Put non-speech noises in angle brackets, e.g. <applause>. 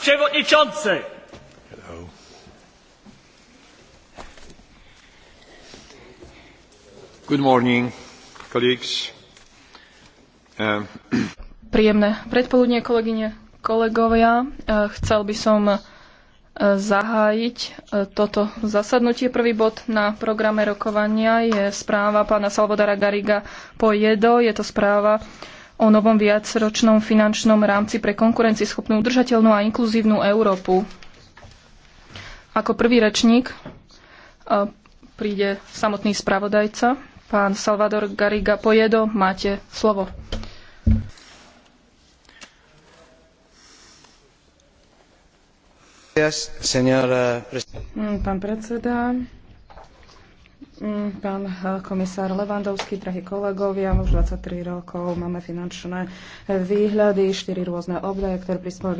przewodniczący! Hello. Good morning, colleagues. Um. <clears throat> Príjemné predpoludnie, kolegyne, kolegovia. E, chcel by som e, zahájiť e, toto zasadnutie. Prvý bod na programe rokovania je správa pána Salvadora Gariga Pojedo. Je to správa o novom viacročnom finančnom rámci pre konkurencieschopnú, udržateľnú a inkluzívnu Európu. Ako prvý rečník e, príde samotný spravodajca, pán Salvador Gariga Pojedo. Máte slovo. Mm, pán predseda, Mm, pán eh, komisár Levandovský, drahí kolegovia, už 23 rokov máme finančné eh, výhľady, štyri rôzne obdaje, ktoré prispôsobili